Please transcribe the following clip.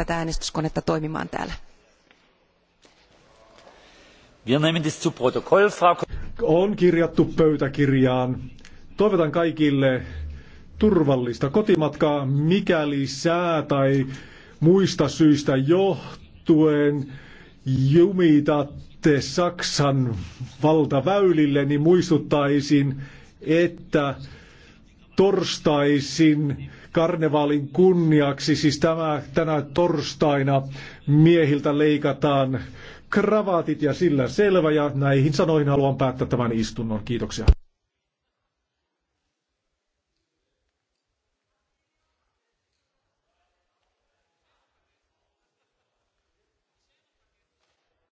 tätä äänestyskonetta toimimaan täällä. On kirjattu pöytäkirjaan. Toivotan kaikille turvallista kotimatkaa, mikäli sää tai muista syistä johtuen jumitatte Saksan valtaväylille, niin muistuttaisin, että torstaisin karnevaalin kunniaksi, siis tämä, tänä torstaina miehiltä leikataan kravaatit ja sillä selvä. Ja näihin sanoihin haluan päättää tämän istunnon. Kiitoksia.